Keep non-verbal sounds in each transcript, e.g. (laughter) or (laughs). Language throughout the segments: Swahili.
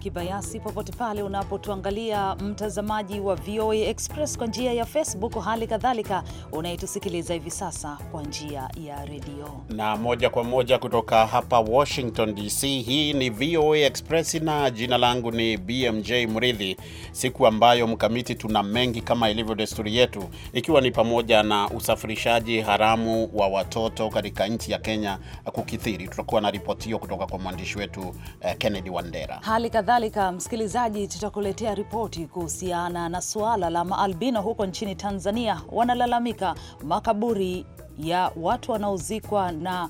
Kibayasi, popote pale unapotuangalia mtazamaji wa VOA Express kwa njia ya Facebook, hali kadhalika unayetusikiliza hivi sasa kwa njia ya redio, na moja kwa moja kutoka hapa Washington DC. Hii ni VOA Express na jina langu ni BMJ Mridhi, siku ambayo mkamiti, tuna mengi kama ilivyo desturi yetu, ikiwa ni pamoja na usafirishaji haramu wa watoto katika nchi ya Kenya kukithiri. Tutakuwa na ripoti hiyo kutoka kwa mwandishi wetu uh, Kennedy Wandera. Hali kadhalika kadhalika, msikilizaji, tutakuletea ripoti kuhusiana na suala la maalbino huko nchini Tanzania. Wanalalamika makaburi ya watu wanaozikwa na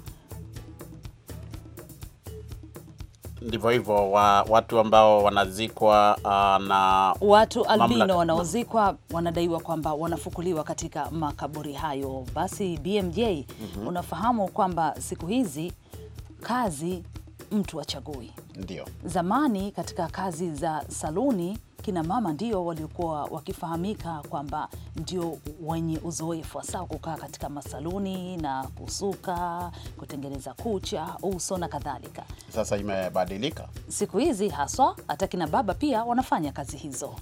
ndivyo hivyo wa, watu ambao wanazikwa uh, na watu albino wanaozikwa wanadaiwa kwamba wanafukuliwa katika makaburi hayo. Basi BMJ, mm -hmm. Unafahamu kwamba siku hizi kazi mtu achagui. Ndio zamani katika kazi za saluni kina mama ndio waliokuwa wakifahamika kwamba ndio wenye uzoefu hasa kukaa katika masaluni na kusuka, kutengeneza kucha, uso na kadhalika. Sasa imebadilika siku hizi, haswa hata kina baba pia wanafanya kazi hizo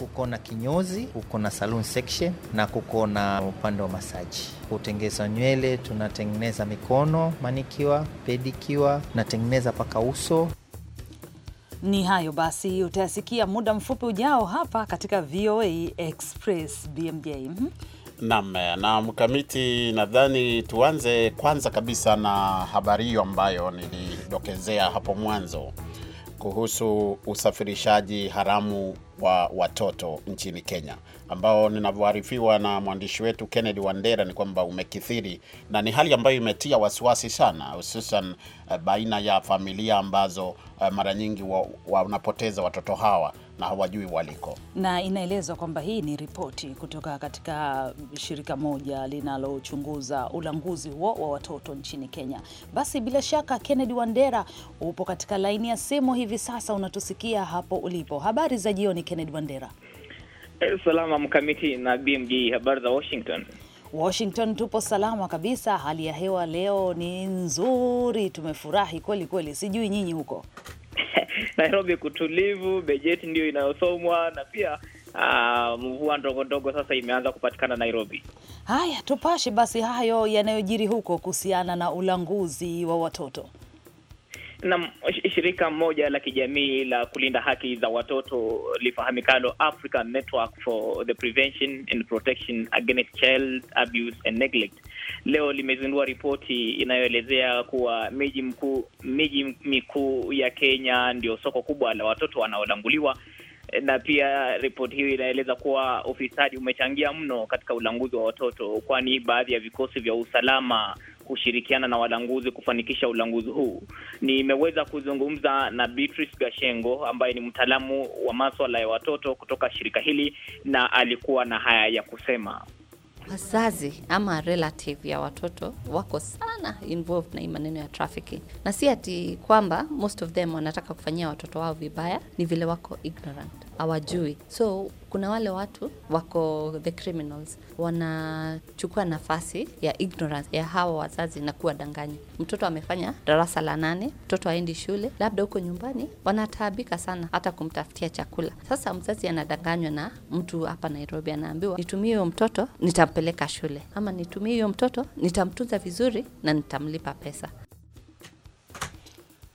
kuko na kinyozi, kuko na salon section na kuko na upande wa masaji. Kutengeza nywele, tunatengeneza mikono, manikiwa, pedikiwa, natengeneza paka uso. Ni hayo basi, utayasikia muda mfupi ujao hapa katika VOA Express BMJ. mm-hmm. Naam, na mkamiti, nadhani tuanze kwanza kabisa na habari hiyo ambayo nilidokezea hapo mwanzo kuhusu usafirishaji haramu wa watoto nchini Kenya ambao ninavyoarifiwa na mwandishi wetu Kennedy Wandera ni kwamba umekithiri na ni hali ambayo imetia wasiwasi sana, hususan eh, baina ya familia ambazo eh, mara nyingi wanapoteza wa watoto hawa na hawajui waliko. Na inaelezwa kwamba hii ni ripoti kutoka katika shirika moja linalochunguza ulanguzi huo wa watoto nchini Kenya. Basi bila shaka, Kennedy Wandera upo katika laini ya simu hivi sasa, unatusikia hapo ulipo. Habari za jioni, Kennedy Wandera. Eh, salama mkamiti na BMG, Habari za Washington? Washington tupo salama kabisa. Hali ya hewa leo ni nzuri, tumefurahi kweli kweli. Sijui nyinyi huko (laughs) Nairobi kutulivu, bejeti ndio inayosomwa na pia ah, mvua ndogo ndogo sasa imeanza kupatikana Nairobi. Haya, tupashe basi hayo yanayojiri huko kuhusiana na ulanguzi wa watoto. Na shirika moja la kijamii la kulinda haki za watoto lifahamikalo African Network for the Prevention and Protection Against Child Abuse and Neglect leo limezindua ripoti inayoelezea kuwa miji mkuu miji mikuu ya Kenya ndio soko kubwa la watoto wanaolanguliwa na pia ripoti hiyo inaeleza kuwa ufisadi umechangia mno katika ulanguzi wa watoto, kwani baadhi ya vikosi vya usalama kushirikiana na walanguzi kufanikisha ulanguzi huu. Nimeweza kuzungumza na Beatrice Gashengo ambaye ni mtaalamu wa maswala ya watoto kutoka shirika hili na alikuwa na haya ya kusema wazazi ama relative ya watoto wako sana involved na hii maneno ya trafficking, na si ati kwamba most of them wanataka kufanyia watoto wao vibaya, ni vile wako ignorant, hawajui. So kuna wale watu wako the criminals wanachukua nafasi ya ignorance ya hawa wazazi na kuwadanganya. Mtoto amefanya darasa la nane, mtoto aendi shule, labda huko nyumbani wanataabika sana hata kumtafutia chakula. Sasa mzazi anadanganywa na mtu hapa Nairobi, anaambiwa nitumie huyo mtoto nitampe kumpeleka shule, ama nitumie hiyo mtoto, nitamtunza vizuri na nitamlipa pesa.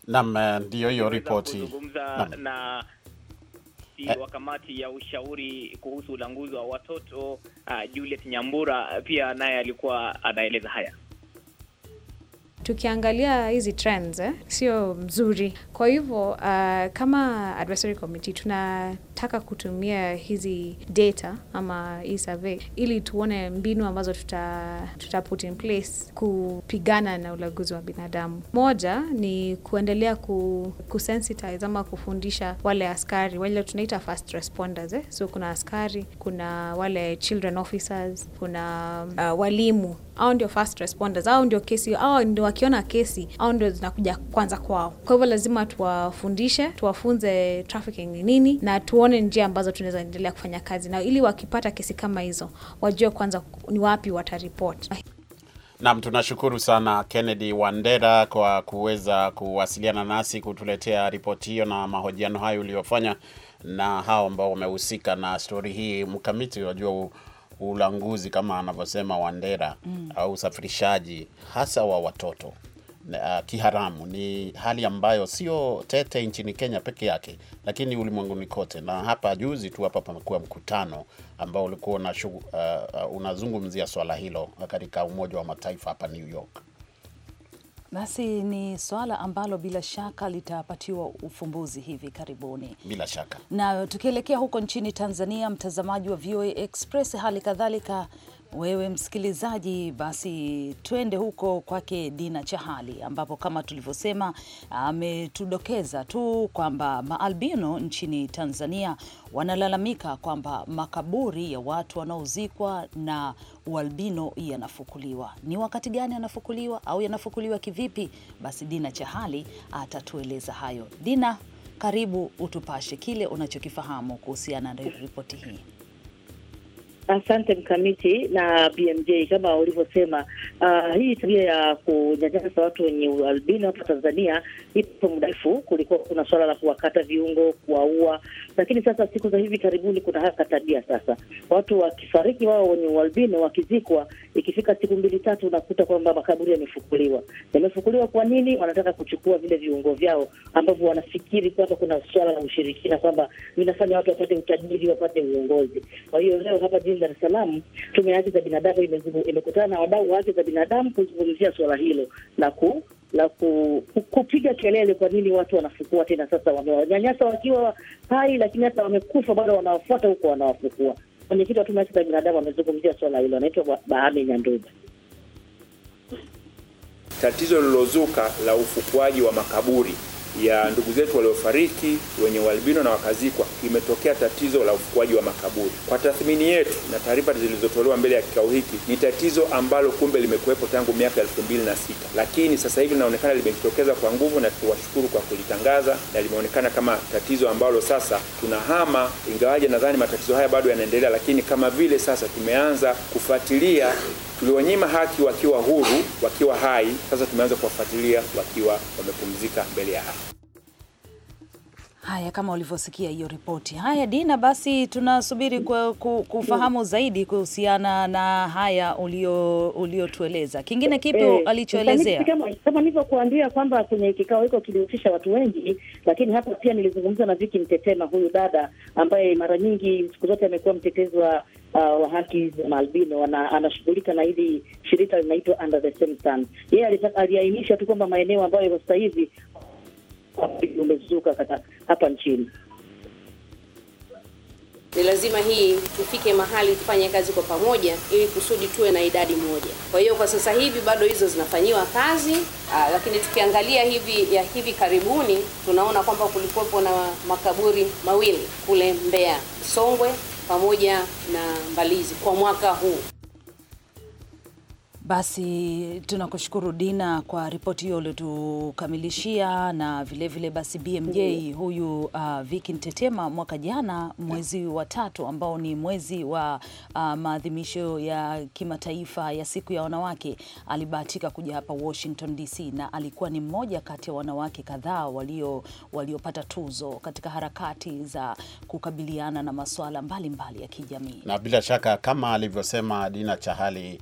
Naam, eh, ndio hiyo ripoti na eh. wa kamati ya ushauri kuhusu ulanguzi wa watoto uh, Juliet Nyambura pia naye alikuwa anaeleza haya. Tukiangalia hizi trends eh, sio mzuri. Kwa hivyo uh, kama advisory committee tuna tunataka kutumia hizi data ama hii survey ili tuone mbinu ambazo tuta, tuta put in place kupigana na ulaguzi wa binadamu. Moja ni kuendelea ku, kusensitize ama kufundisha wale askari wale tunaita first responders eh? So kuna askari, kuna wale children officers, kuna uh, walimu au ndio first responders, au ndio kesi, au ndio wakiona kesi, au ndio zinakuja kwanza kwao. Kwa hivyo lazima tuwafundishe, tuwafunze trafficking ni nini na tuone tuone njia ambazo tunaweza endelea kufanya kazi nao, ili wakipata kesi kama hizo wajue kwanza ni wapi wataripoti. Naam, tunashukuru sana Kennedy Wandera kwa kuweza kuwasiliana nasi kutuletea ripoti hiyo na mahojiano hayo uliyofanya na hao ambao wamehusika na stori hii. Mkamiti, unajua ulanguzi kama anavyosema Wandera mm, au usafirishaji hasa wa watoto uh, kiharamu ni hali ambayo sio tete nchini Kenya peke yake, lakini ulimwenguni kote. Na hapa juzi tu hapa pamekuwa mkutano ambao ulikuwa una shu, uh, uh, unazungumzia swala hilo katika Umoja wa Mataifa hapa New York. Basi ni swala ambalo bila shaka litapatiwa ufumbuzi hivi karibuni, bila shaka. Na tukielekea huko nchini Tanzania, mtazamaji wa VOA Express, hali kadhalika wewe msikilizaji, basi twende huko kwake Dina Chahali, ambapo kama tulivyosema ametudokeza tu kwamba maalbino nchini Tanzania wanalalamika kwamba makaburi ya watu wanaozikwa na ualbino yanafukuliwa. Ni wakati gani yanafukuliwa au yanafukuliwa kivipi? Basi Dina Chahali atatueleza hayo. Dina, karibu utupashe kile unachokifahamu kuhusiana na ripoti hii. Asante mkamiti na BMJ, kama ulivyosema, uh, hii tabia ya kunyanyasa watu wenye ualbino hapa Tanzania ipo mrefu. Kulikuwa kuna suala la kuwakata viungo, kuwaua, lakini sasa siku za hivi karibuni kuna haka tabia sasa, watu wakifariki wao wenye ualbino wakizikwa, ikifika siku mbili tatu unakuta kwamba makaburi yamefukuliwa. Yamefukuliwa kwa nini? Wanataka kuchukua vile viungo vyao ambavyo wanafikiri kwamba kuna suala la ushirikina, kwamba vinafanya watu wapate utajiri, wapate uongozi. Kwa hiyo leo hapa jijini Dar es Salaam, tume ya haki za binadamu imekutana na wadau wa haki za binadamu kuzungumzia suala hilo la ku la ku, kupiga kelele, kwa nini watu wanafukua tena? Sasa wamewanyanyasa wakiwa hai, lakini hata wamekufa bado wanawafuata huko, wanawafukua. Mwenyekiti wa tume ya haki za binadamu amezungumzia suala hilo, anaitwa Bahame Nyanduga. Tatizo lilozuka la ufukuaji wa makaburi ya ndugu zetu waliofariki wenye ualbino na wakazikwa, imetokea tatizo la ufukuaji wa makaburi. Kwa tathmini yetu na taarifa zilizotolewa mbele ya kikao hiki, ni tatizo ambalo kumbe limekuwepo tangu miaka elfu mbili na sita lakini sasa hivi linaonekana limejitokeza kwa nguvu, na tuwashukuru kwa kulitangaza, na limeonekana kama tatizo ambalo sasa tunahama, ingawaje nadhani matatizo haya bado yanaendelea, lakini kama vile sasa tumeanza kufuatilia tuliwanyima haki wakiwa huru, wakiwa hai. Sasa tumeanza kuwafuatilia wakiwa wamepumzika mbele ya haki. Haya, kama ulivyosikia hiyo ripoti. Haya Dina, basi tunasubiri kwa, kufahamu zaidi kuhusiana na haya uliotueleza ulio kingine kipi e, alichoelezea. Kama nilivyokuambia kwamba kwenye kikao hiko kilihusisha watu wengi, lakini hapa pia nilizungumza na Viki Mtetema, huyu dada ambaye mara nyingi siku zote amekuwa mtetezi wa uh, wa haki za maalbino anashughulika na hili shirika linaitwa Under the Same Sun. Yeye aliainisha tu kwamba maeneo ambayo sasa hivi umezuka hapa nchini ni lazima hii tufike mahali tufanye kazi kwa pamoja, ili kusudi tuwe na idadi moja. Kwa hiyo kwa sasa hivi bado hizo zinafanyiwa kazi aa, ah, lakini tukiangalia hivi ya hivi karibuni tunaona kwamba kulikuwepo na makaburi mawili kule Mbeya Songwe pamoja na Mbalizi kwa mwaka huu. Basi tunakushukuru Dina kwa ripoti hiyo uliotukamilishia, na vilevile vile basi BMJ huyu uh, Viki Ntetema mwaka jana mwezi wa tatu ambao ni mwezi wa uh, maadhimisho ya kimataifa ya siku ya wanawake alibahatika kuja hapa Washington DC, na alikuwa ni mmoja kati ya wanawake kadhaa waliopata walio tuzo katika harakati za kukabiliana na masuala mbalimbali mbali ya kijamii, na bila shaka kama alivyosema Dina Chahali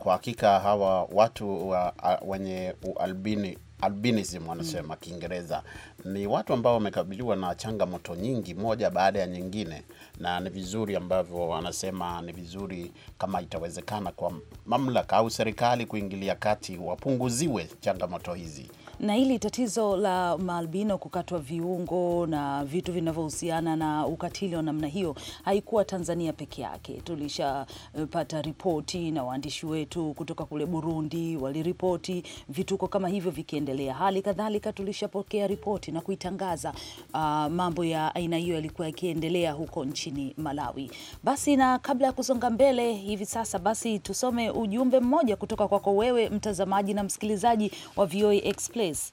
kwa hakika hawa watu wa, wenye albini albinism wanasema mm. Kiingereza ni watu ambao wamekabiliwa na changamoto nyingi moja baada ya nyingine, na ni vizuri ambavyo wanasema ni vizuri kama itawezekana kwa mamlaka au serikali kuingilia kati, wapunguziwe changamoto hizi na hili tatizo la maalbino kukatwa viungo na vitu vinavyohusiana na ukatili wa namna hiyo haikuwa Tanzania peke yake. Tulishapata ripoti na waandishi wetu kutoka kule Burundi waliripoti vituko kama hivyo vikiendelea. Hali kadhalika tulishapokea ripoti na kuitangaza uh, mambo ya aina hiyo yalikuwa yakiendelea huko nchini Malawi. Basi na kabla ya kusonga mbele hivi sasa, basi tusome ujumbe mmoja kutoka kwako wewe mtazamaji na msikilizaji wa VOA Express Express.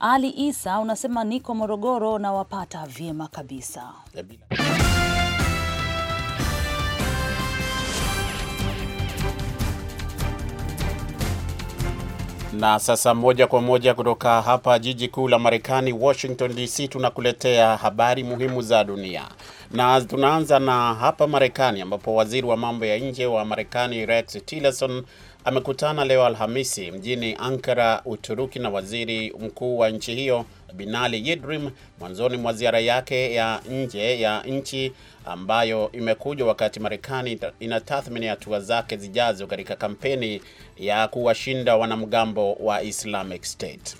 Ali Isa unasema niko Morogoro na wapata vyema kabisa. Na sasa moja kwa moja kutoka hapa jiji kuu la Marekani, Washington DC, tunakuletea habari muhimu za dunia, na tunaanza na hapa Marekani ambapo waziri wa mambo ya nje wa Marekani Rex Tillerson amekutana leo Alhamisi mjini Ankara, Uturuki, na waziri mkuu wa nchi hiyo Binali Yildirim mwanzoni mwa ziara yake ya nje ya nchi ambayo imekuja wakati Marekani inatathmini hatua zake zijazo katika kampeni ya kuwashinda wanamgambo wa Islamic State.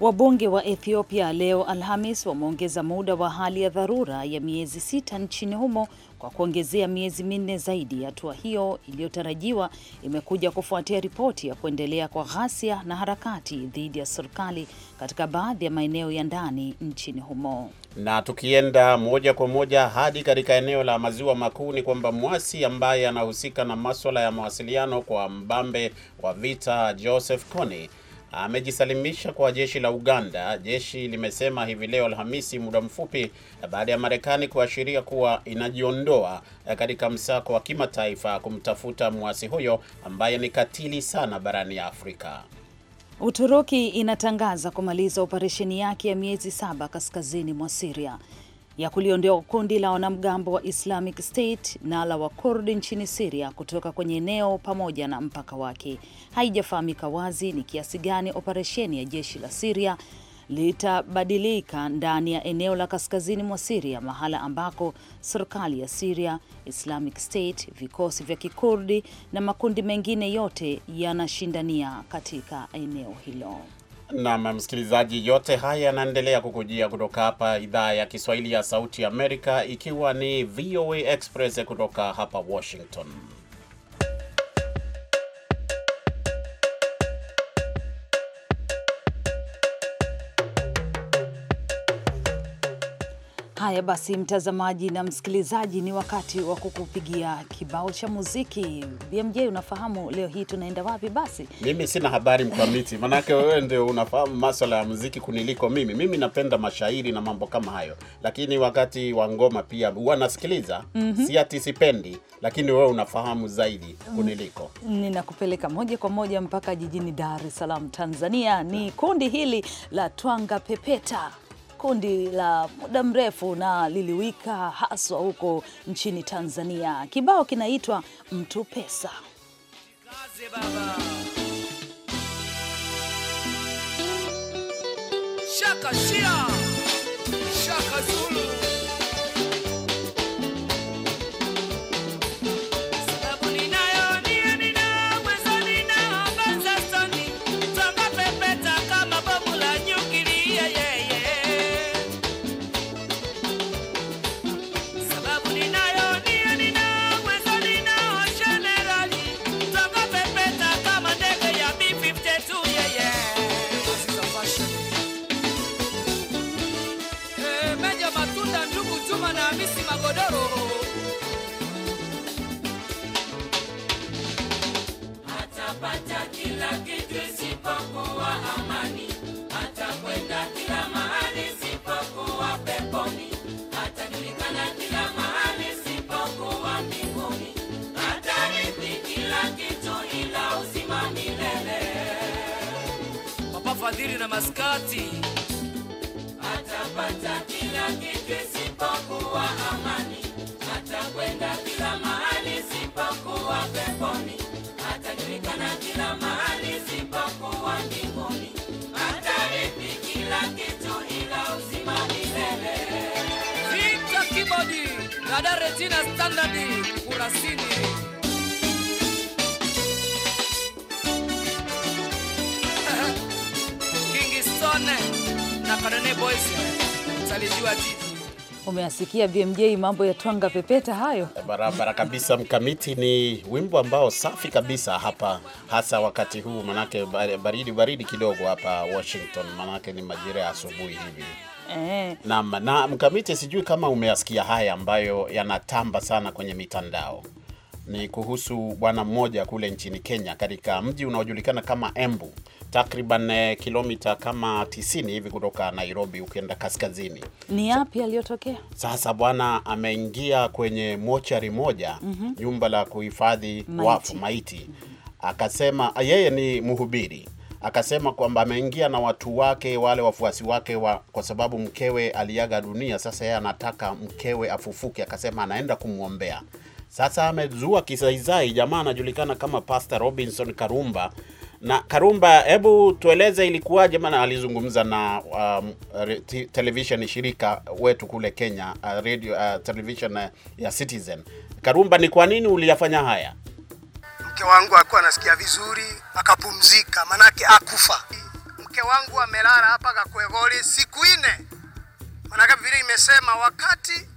Wabunge wa Ethiopia leo Alhamis wameongeza muda wa hali ya dharura ya miezi sita nchini humo kwa kuongezea miezi minne zaidi. Hatua hiyo iliyotarajiwa imekuja kufuatia ripoti ya kuendelea kwa ghasia na harakati dhidi ya serikali katika baadhi ya maeneo ya ndani nchini humo. Na tukienda moja kwa moja hadi katika eneo la maziwa makuu, ni kwamba mwasi ambaye anahusika na maswala ya mawasiliano kwa mbambe wa vita Joseph Kony amejisalimisha kwa jeshi la Uganda, jeshi limesema hivi leo Alhamisi, muda mfupi baada ya Marekani kuashiria kuwa inajiondoa katika msako wa kimataifa kumtafuta mwasi huyo ambaye ni katili sana barani Afrika. Uturuki inatangaza kumaliza operesheni yake ya miezi saba kaskazini mwa Siria ya kuliondoa kundi la wanamgambo wa Islamic State na la Wakurdi nchini Siria kutoka kwenye eneo pamoja na mpaka wake. Haijafahamika wazi ni kiasi gani operesheni ya jeshi la Siria litabadilika ndani ya eneo la kaskazini mwa Siria, mahala ambako serikali ya Siria, Islamic State, vikosi vya Kikurdi na makundi mengine yote yanashindania katika eneo hilo nam msikilizaji, yote haya yanaendelea kukujia kutoka hapa idhaa ya Kiswahili ya Sauti Amerika, ikiwa ni VOA Express kutoka hapa Washington. Haya basi, mtazamaji na msikilizaji, ni wakati wa kukupigia kibao cha muziki. BMJ, unafahamu leo hii tunaenda wapi? Basi mimi sina habari mkamiti, manake wewe ndio unafahamu maswala ya muziki kuniliko mimi. Mimi napenda mashairi na mambo kama hayo, lakini wakati wa ngoma pia huwa nasikiliza mm -hmm. si ati sipendi, lakini wewe unafahamu zaidi mhm. kuniliko. Ninakupeleka moja kwa moja mpaka jijini Dar es Salaam, Tanzania. Ni kundi hili la Twanga Pepeta kundi la muda mrefu na liliwika haswa huko nchini Tanzania. Kibao kinaitwa Mtu Pesa. Shaka shia. Regina Standard (laughs) na Boys salijua jiji Umeasikia BMJ, mambo ya twanga pepeta hayo, barabara kabisa. Mkamiti ni wimbo ambao safi kabisa hapa, hasa wakati huu, manake baridi baridi kidogo hapa Washington, manake ni majira ya asubuhi hivi. Eh. Na, na mkamiti, sijui kama umeasikia haya ambayo yanatamba sana kwenye mitandao ni kuhusu bwana mmoja kule nchini Kenya katika mji unaojulikana kama Embu, takriban eh, kilomita kama 90 hivi kutoka Nairobi, ukienda kaskazini. Ni yapi aliyotokea? Sasa bwana ameingia kwenye mochari moja, mm -hmm. la kuhifadhi wafu maiti, akasema ah, yeye ni mhubiri akasema kwamba ameingia na watu wake wale wafuasi wake wa, kwa sababu mkewe aliaga dunia. Sasa yeye anataka mkewe afufuke, akasema anaenda kumwombea. Sasa amezua kisaizai, jamaa anajulikana kama Pastor Robinson Karumba. Na Karumba, hebu tueleze ilikuwaje? Maana alizungumza na um, television shirika wetu kule Kenya, uh, radio, uh, television uh, ya Citizen. Karumba, ni kwa nini uliyafanya haya? mke wangu akuwa anasikia vizuri, akapumzika, manake akufa. Mke wangu amelala hapa Kakwegoli siku ine, manake vile imesema wakati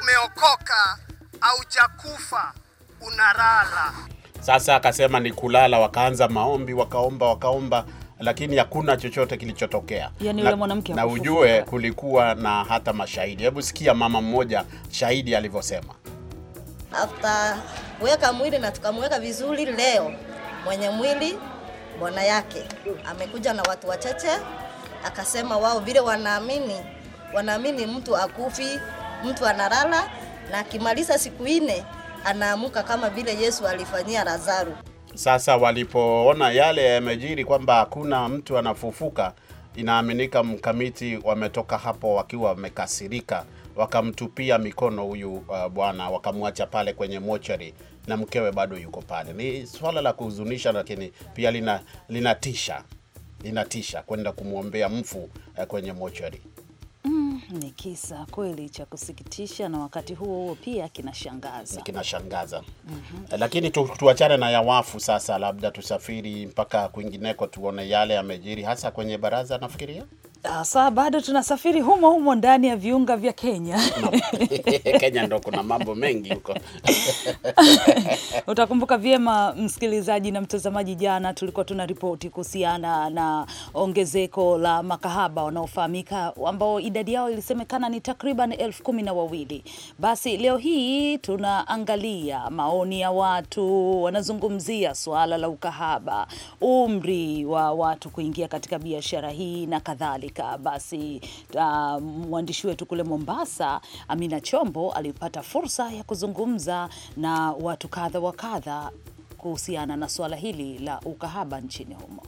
umeokoka aujakufa unalala. Sasa akasema ni kulala, wakaanza maombi, wakaomba wakaomba lakini hakuna chochote kilichotokea. Yani yule mwanamke na ujue, kulikuwa na hata mashahidi. Hebu sikia mama mmoja shahidi alivyosema After kuweka mwili na tukamweka vizuri. Leo mwenye mwili bwana yake amekuja na watu wachache, akasema wao vile wanaamini, wanaamini mtu akufi, mtu analala na akimaliza siku nne anaamuka kama vile Yesu alifanyia Lazaro. Sasa walipoona yale yamejiri, kwamba hakuna mtu anafufuka, inaaminika mkamiti wametoka hapo wakiwa wamekasirika wakamtupia mikono huyu uh, bwana wakamwacha pale kwenye mochari na mkewe bado yuko pale. Ni swala la kuhuzunisha, lakini pia lina linatisha linatisha kwenda kumwombea mfu uh, kwenye mochari. Mm, ni kisa kweli cha kusikitisha, na wakati huo huo pia kinashangaza, kinashangaza. mm -hmm. Lakini tu, tuachane na yawafu sasa, labda tusafiri mpaka kwingineko tuone yale yamejiri hasa kwenye baraza nafikiria sasa bado tunasafiri humo humo ndani ya viunga vya Kenya. (laughs) Kenya ndo kuna mambo mengi huko. (laughs) Utakumbuka vyema msikilizaji na mtazamaji, jana tulikuwa tuna ripoti kuhusiana na ongezeko la makahaba wanaofahamika ambao idadi yao ilisemekana ni takriban elfu kumi na wawili. Basi leo hii tunaangalia maoni ya watu, wanazungumzia suala la ukahaba, umri wa watu kuingia katika biashara hii na kadhalika kadhalika. Basi uh, mwandishi wetu kule Mombasa, Amina Chombo, alipata fursa ya kuzungumza na watu kadha wa kadha kuhusiana na suala hili la ukahaba nchini humo.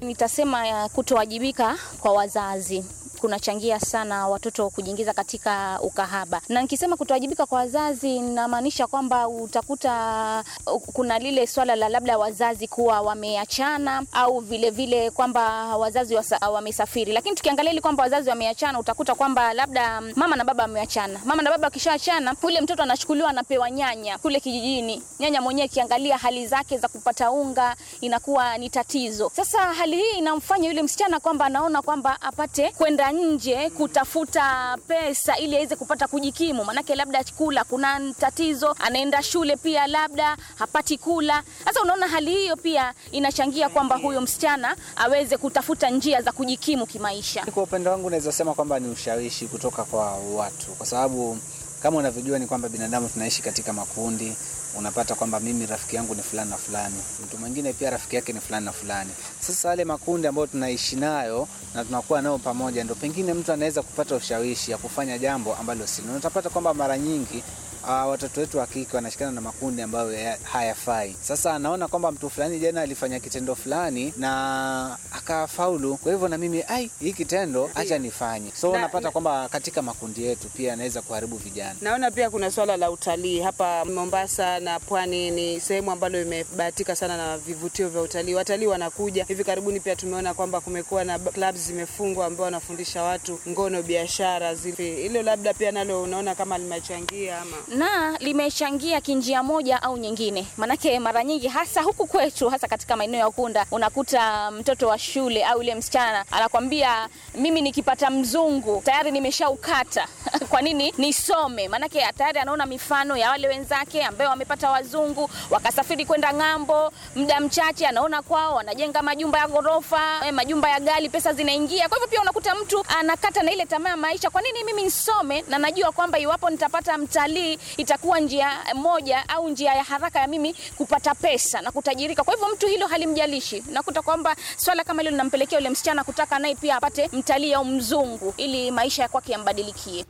Nitasema eh, kutowajibika kwa wazazi kunachangia sana watoto kujiingiza katika ukahaba, na nikisema kutowajibika kwa wazazi namaanisha kwamba utakuta kuna lile swala la labda wazazi kuwa wameachana au vilevile vile kwamba wazazi wamesafiri. Lakini tukiangalia ili kwamba wazazi wameachana, utakuta kwamba labda mm, mama na baba wameachana. Mama na baba wakishaachana, ule mtoto anachukuliwa anapewa nyanya kule kijijini. Nyanya mwenyewe kiangalia hali zake za kupata unga inakuwa ni tatizo. Sasa hali hali hii inamfanya yule msichana kwamba anaona kwamba apate kwenda nje kutafuta pesa ili aweze kupata kujikimu, maanake labda kula kuna tatizo, anaenda shule pia labda hapati kula. Sasa unaona hali hiyo pia inachangia kwamba huyo msichana aweze kutafuta njia za kujikimu kimaisha. Kwa upande wangu naweza sema kwamba ni ushawishi kutoka kwa watu, kwa sababu kama unavyojua ni kwamba binadamu tunaishi katika makundi unapata kwamba mimi rafiki yangu ni fulani na fulani, mtu mwingine pia rafiki yake ni fulani na fulani. Sasa yale makundi ambayo tunaishi nayo na tunakuwa nayo pamoja, ndo pengine mtu anaweza kupata ushawishi ya kufanya jambo ambalo sio. utapata kwamba mara nyingi uh, watoto wetu wa kike wanashikana na makundi ambayo hayafai. Sasa anaona kwamba mtu fulani jana alifanya kitendo fulani na akafaulu, kwa hivyo na mimi ai, hii kitendo acha nifanye. So unapata kwamba katika makundi yetu pia anaweza kuharibu vijana. Naona pia kuna swala la utalii hapa Mombasa na pwani, ni sehemu ambalo imebahatika sana na vivutio vya utalii, watalii wanakuja. Hivi karibuni pia tumeona kwamba kumekuwa na clubs zimefungwa ambao wanafundisha watu ngono, biashara zipi, hilo labda pia nalo unaona kama limechangia ama na limechangia kinjia moja au nyingine, manake mara nyingi hasa huku kwetu, hasa katika maeneo ya Ukunda, unakuta mtoto wa shule au yule msichana anakwambia mimi nikipata mzungu tayari nimeshaukata. (laughs) Kwa nini nisome? Manake tayari anaona mifano ya wale wenzake ambao wamepata wazungu wakasafiri kwenda ng'ambo, muda mchache anaona kwao wanajenga majumba ya ghorofa, eh, majumba ya gali, pesa zinaingia. Kwa hivyo pia unakuta mtu anakata na ile tamaa ya maisha, kwa nini mimi nisome na najua kwamba iwapo nitapata mtalii itakuwa njia moja au njia ya haraka ya mimi kupata pesa na kutajirika. Kwa hivyo mtu hilo halimjalishi, nakuta kwamba swala kama hilo linampelekea yule msichana kutaka naye pia apate mtalii au mzungu ili maisha kwake yambadilikie.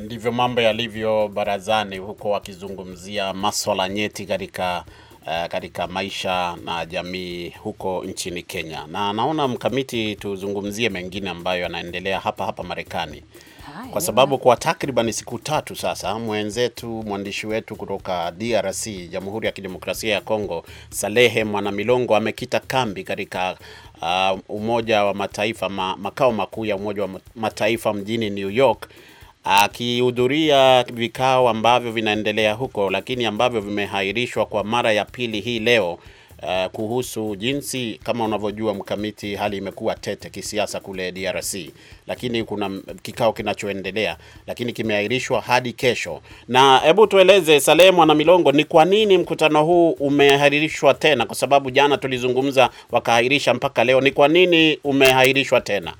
Ndivyo mambo yalivyo barazani huko, wakizungumzia maswala nyeti katika Uh, katika maisha na jamii huko nchini Kenya, na naona mkamiti, tuzungumzie mengine ambayo yanaendelea hapa hapa Marekani kwa sababu kwa takriban siku tatu sasa mwenzetu mwandishi wetu kutoka DRC, Jamhuri ya Kidemokrasia ya Kongo, Salehe Mwanamilongo amekita kambi katika uh, Umoja wa Mataifa ma, makao makuu ya Umoja wa Mataifa mjini New York akihudhuria vikao ambavyo vinaendelea huko, lakini ambavyo vimehairishwa kwa mara ya pili hii leo uh, kuhusu jinsi, kama unavyojua mkamiti, hali imekuwa tete kisiasa kule DRC, lakini kuna kikao kinachoendelea, lakini kimeahirishwa hadi kesho. Na hebu tueleze Saleh Mwana Milongo, ni kwa nini mkutano huu umeahirishwa tena? Kwa sababu jana tulizungumza wakaahirisha mpaka leo. Ni kwa nini umeahirishwa tena?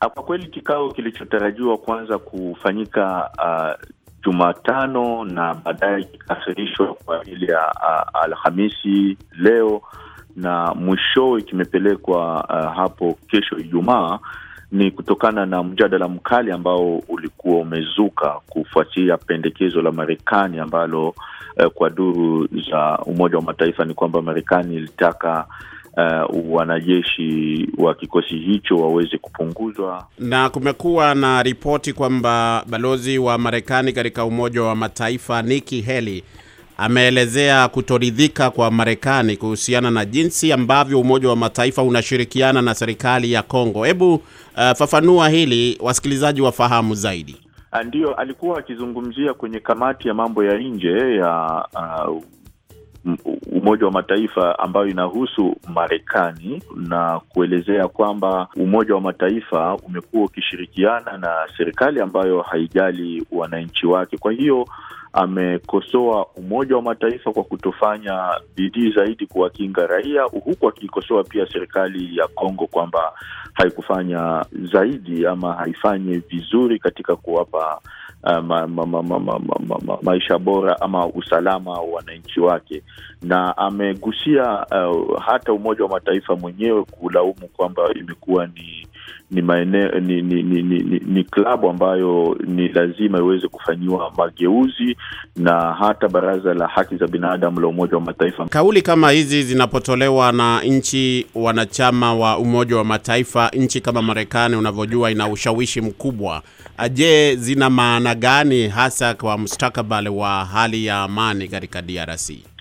Ah, kwa kweli kikao kilichotarajiwa kwanza kufanyika uh, Jumatano na baadaye kikasirishwa kwa ajili ya Alhamisi leo na mwishowe kimepelekwa uh, hapo kesho Ijumaa. Ni kutokana na mjadala mkali ambao ulikuwa umezuka kufuatia pendekezo la Marekani ambalo uh, kwa duru za Umoja wa Mataifa ni kwamba Marekani ilitaka uh, wanajeshi wa kikosi hicho waweze kupunguzwa. Na kumekuwa na ripoti kwamba balozi wa Marekani katika Umoja wa Mataifa Nikki Haley ameelezea kutoridhika kwa Marekani kuhusiana na jinsi ambavyo Umoja wa Mataifa unashirikiana na serikali ya Kongo. Hebu uh, fafanua hili wasikilizaji wafahamu zaidi. Uh, Ndiyo, alikuwa akizungumzia kwenye kamati ya mambo ya nje ya uh, Umoja wa Mataifa ambayo inahusu Marekani na kuelezea kwamba Umoja wa Mataifa umekuwa ukishirikiana na serikali ambayo haijali wananchi wake. Kwa hiyo amekosoa Umoja wa Mataifa kwa kutofanya bidii zaidi kuwakinga raia, huku akiikosoa pia serikali ya Kongo kwamba haikufanya zaidi ama haifanyi vizuri katika kuwapa Uh, ma, ma, ma, ma, ma, ma, ma, maisha bora ama usalama wa wananchi wake, na amegusia uh, hata Umoja wa Mataifa mwenyewe kulaumu kwamba imekuwa ni ni maeneo ni ni, ni, ni, ni klabu ambayo ni lazima iweze kufanyiwa mageuzi na hata Baraza la Haki za Binadamu la Umoja wa Mataifa. Kauli kama hizi zinapotolewa na nchi wanachama wa Umoja wa Mataifa, nchi kama Marekani unavyojua ina ushawishi mkubwa. Je, zina maana gani hasa kwa mustakabali wa hali ya amani katika DRC?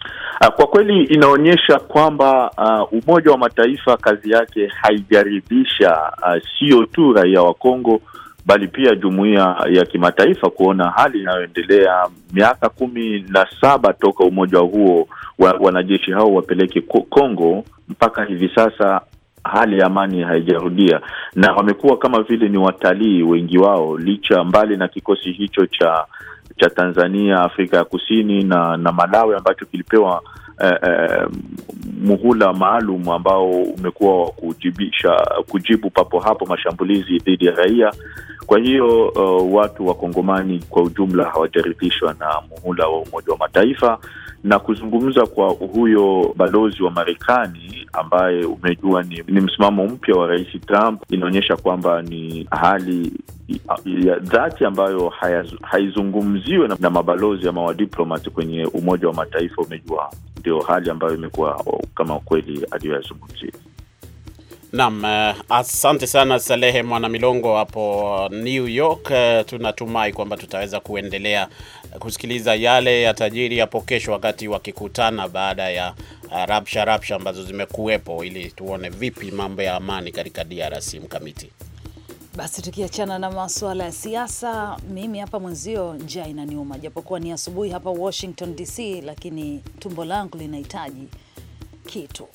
Ah, kwa kweli inaonyesha kwamba uh, Umoja wa Mataifa kazi yake haijaridhisha ah, sio uh, tu raia wa Kongo bali pia jumuiya ya kimataifa kuona hali inayoendelea. Miaka kumi na saba toka umoja huo wa, wanajeshi hao wapeleke Kongo, mpaka hivi sasa hali ya amani haijarudia, na wamekuwa kama vile ni watalii wengi wao, licha mbali na kikosi hicho cha cha Tanzania, Afrika ya Kusini na, na Malawi ambacho kilipewa eh, eh, muhula maalum ambao umekuwa wa kujibisha kujibu papo hapo mashambulizi dhidi ya raia. Kwa hiyo uh, watu wa Kongomani kwa ujumla hawajaridhishwa na muhula wa Umoja wa Mataifa na kuzungumza kwa huyo balozi wa Marekani ambaye umejua ni, ni msimamo mpya wa Rais Trump, inaonyesha kwamba ni hali ya dhati ambayo haizungumziwe na, na mabalozi ama wadiplomat kwenye Umoja wa Mataifa. Umejua ndio hali ambayo imekuwa kama ukweli aliyoyazungumzia. Naam, eh, asante sana Salehe Mwanamilongo hapo uh, New York. Eh, tunatumai kwamba tutaweza kuendelea kusikiliza yale ya tajiri hapo kesho, wakati wakikutana baada ya eh, rabsha rabsha ambazo zimekuwepo, ili tuone vipi mambo ya amani katika DRC. Mkamiti basi tukiachana na masuala ya siasa, mimi hapa mwenzio njaa inaniuma, japokuwa ni asubuhi hapa Washington DC, lakini tumbo langu linahitaji kitu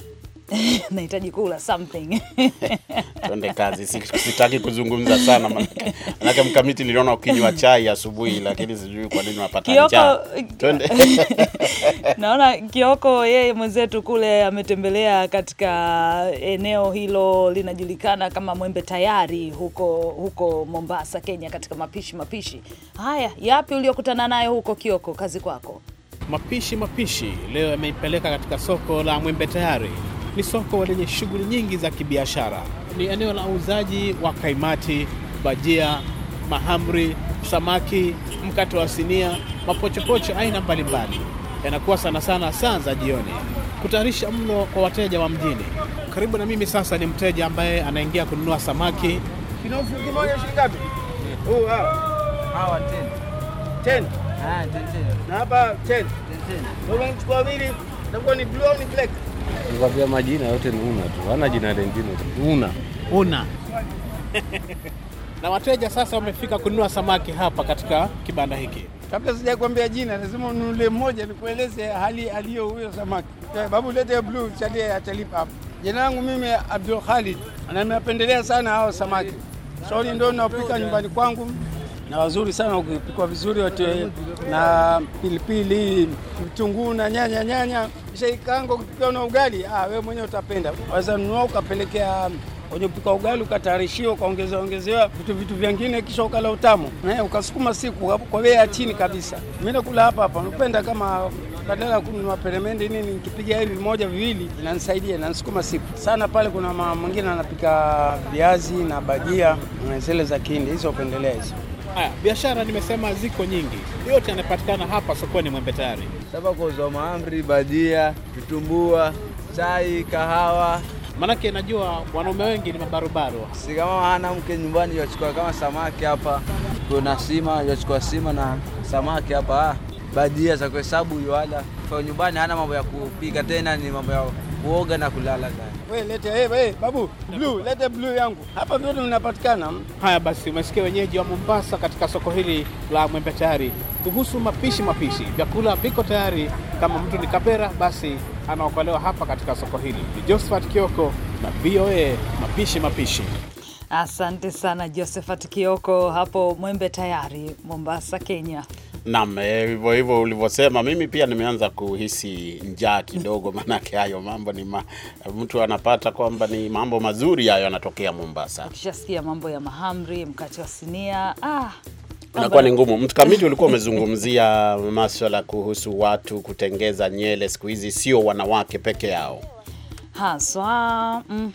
(laughs) nahitaji kula something (laughs) twende kazi. Sitaki kuzungumza sana manake mkamiti, niliona ukinywa chai asubuhi, lakini sijui kwa nini unapata Twende (laughs) naona Kioko yeye mwenzetu kule ametembelea katika eneo hilo linajulikana kama Mwembe Tayari huko huko Mombasa, Kenya, katika mapishi mapishi haya. Yapi uliokutana nayo huko Kioko? Kazi kwako mapishi mapishi. Leo yameipeleka katika soko la Mwembe Tayari ni soko lenye shughuli nyingi za kibiashara. Ni eneo la uuzaji wa kaimati, bajia, mahamri, samaki, mkate wa sinia, mapochopocho aina mbalimbali. Yanakuwa sana sana saa za jioni kutayarisha mlo kwa wateja wa mjini. Karibu na mimi sasa ni mteja ambaye anaingia kununua samaki. Nikwambia majina yote ni una tu, hana jina lingine una una (laughs) na wateja sasa wamefika kununua samaki hapa katika kibanda hiki. Kabla sijakwambia jina, lazima ununulie mmoja, nikueleze hali aliyo huyo samaki. Eh, babu, lete bluu chalia atalipa hapa. Jina langu mimi Abdul Khalid, na nimependelea sana hao samaki sori, ndio napika nyumbani kwangu na wazuri sana ukipikwa vizuri wote na pilipili, vitunguu na nyanya nyanya, kisha ikaanga, ukipika na ugali ah, wewe mwenyewe utapenda. Waweza nunua ukapelekea um, kwenye upika ugali ukatayarishiwa, ukaongeza ongezewa vitu vitu vingine, kisha ukala utamu na ukasukuma siku kwa bei ya chini kabisa. Mimi nakula hapa hapa, napenda kama badala ya kununua peremende nini, nikipiga hivi moja viwili inanisaidia, inanisukuma siku sana. Pale kuna mama mwingine anapika viazi na bajia zile za kindi, hizo upendelea hizo. Aya, biashara nimesema ziko nyingi, yote yanapatikana hapa sokoni Mwembe Tayari. Sasa kuuza mahamri, bajia, vitumbua, chai, kahawa. Maanake najua wanaume wengi ni mabarobaro, si kama hana mke nyumbani, yachukua kama samaki hapa, kuna sima, yachukua sima na samaki hapa, ah, bajia za kuhesabu, yuala kwa nyumbani, hana mambo ya kupika tena, ni mambo ya kuoga na kulala ndani. Wewe lete hey, eh, hey, babu blue, lete blue yangu hapa, vyote vinapatikana. Haya basi, umesikia wenyeji wa Mombasa katika soko hili la Mwembe Tayari kuhusu mapishi. Mapishi vyakula viko tayari, kama mtu ni kapera basi anaokolewa hapa katika soko hili. Ni Josephat Kioko na VOA mapishi mapishi. Asante sana Josephat Kioko hapo Mwembe Tayari, Mombasa, Kenya. Naam, eh, hivyo hivyo ulivyosema, mimi pia nimeanza kuhisi njaa kidogo, (laughs) maanake hayo mambo ni ma, mtu anapata kwamba ni mambo mazuri hayo yanatokea Mombasa. Ukishasikia mambo ya mahamri, mkate wa sinia, ah inakuwa ni ngumu. Mkamiti, ulikuwa umezungumzia (laughs) maswala kuhusu watu kutengeza nyele, siku hizi sio wanawake peke yao haswa. mm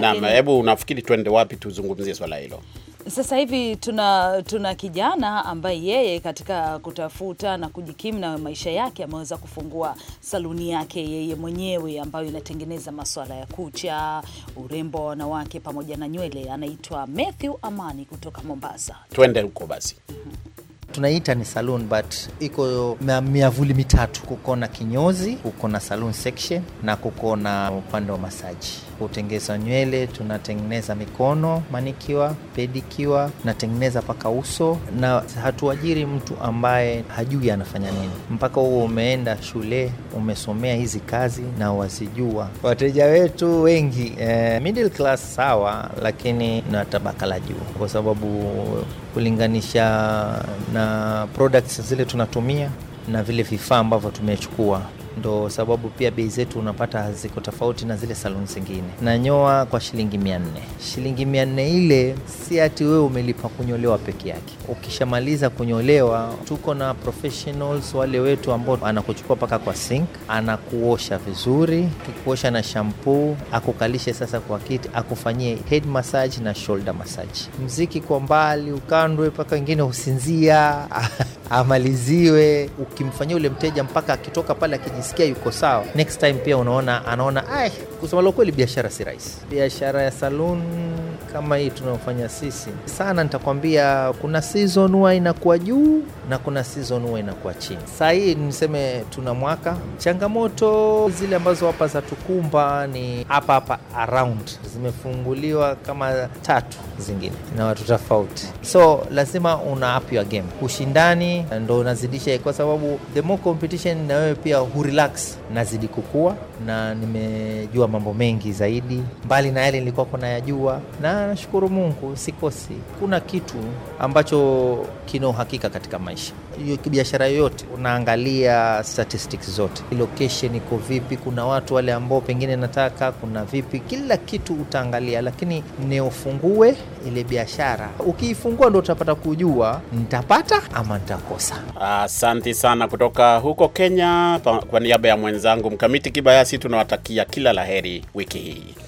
-hmm, na hebu unafikiri twende wapi tuzungumzie swala hilo? Sasa hivi tuna, tuna kijana ambaye yeye katika kutafuta na kujikimu na maisha yake ameweza kufungua saluni yake yeye mwenyewe ambayo inatengeneza masuala ya kucha, urembo wa wanawake pamoja na nywele. Anaitwa Matthew Amani kutoka Mombasa. Twende huko basi. mm -hmm. Tunaita ni saloon but iko miavuli mitatu. Kuko na kinyozi, kuko na saloon section na kuko na upande wa masaji kutengeza nywele, tunatengeneza mikono manikiwa, pedikiwa, natengeneza mpaka uso, na hatuajiri mtu ambaye hajui anafanya nini, mpaka huo umeenda shule umesomea hizi kazi na wazijua. Wateja wetu wengi eh, middle class sawa, lakini na tabaka la juu, kwa sababu kulinganisha na products zile tunatumia na vile vifaa ambavyo tumechukua ndo sababu pia bei zetu unapata ziko tofauti na zile saluni zingine. Nanyoa kwa shilingi mia nne. Shilingi mia nne ile si ati wewe umelipa kunyolewa peke yake. Ukishamaliza kunyolewa, tuko na professionals wale wetu ambao anakuchukua mpaka kwa sink, anakuosha vizuri, kikuosha na shampoo, akukalishe sasa kwa kiti, akufanyie head massage na shoulder massage, mziki kwa mbali ukandwe mpaka wengine husinzia (laughs) amaliziwe, ukimfanyia ule mteja mpaka akitoka pale akiji anajisikia yuko sawa, next time pia unaona anaona Kusema la kweli, biashara si rahisi. Biashara ya salon kama hii tunaofanya sisi sana, nitakwambia kuna sizon huwa inakuwa juu na kuna sizon huwa inakuwa chini. Saa hii niseme tuna mwaka, changamoto zile ambazo hapa zatukumba ni hapa hapa around, zimefunguliwa kama tatu zingine na watu tofauti, so lazima una up your game. Ushindani ndo unazidisha, kwa sababu the more competition, na wewe pia hurelax. Nazidi kukua na nimejua mambo mengi zaidi mbali na yale nilikuwa kuna na nashukuru Mungu sikosi. Kuna kitu ambacho kina uhakika katika maisha. Biashara yoyote unaangalia statistics zote, location iko vipi, kuna watu wale ambao pengine nataka kuna vipi, kila kitu utaangalia, lakini neofungue ile biashara, ukiifungua ndo utapata kujua nitapata ama nitakosa. Asante sana kutoka huko Kenya. Kwa niaba ya mwenzangu Mkamiti Kibayasi tunawatakia kila la heri. heri wiki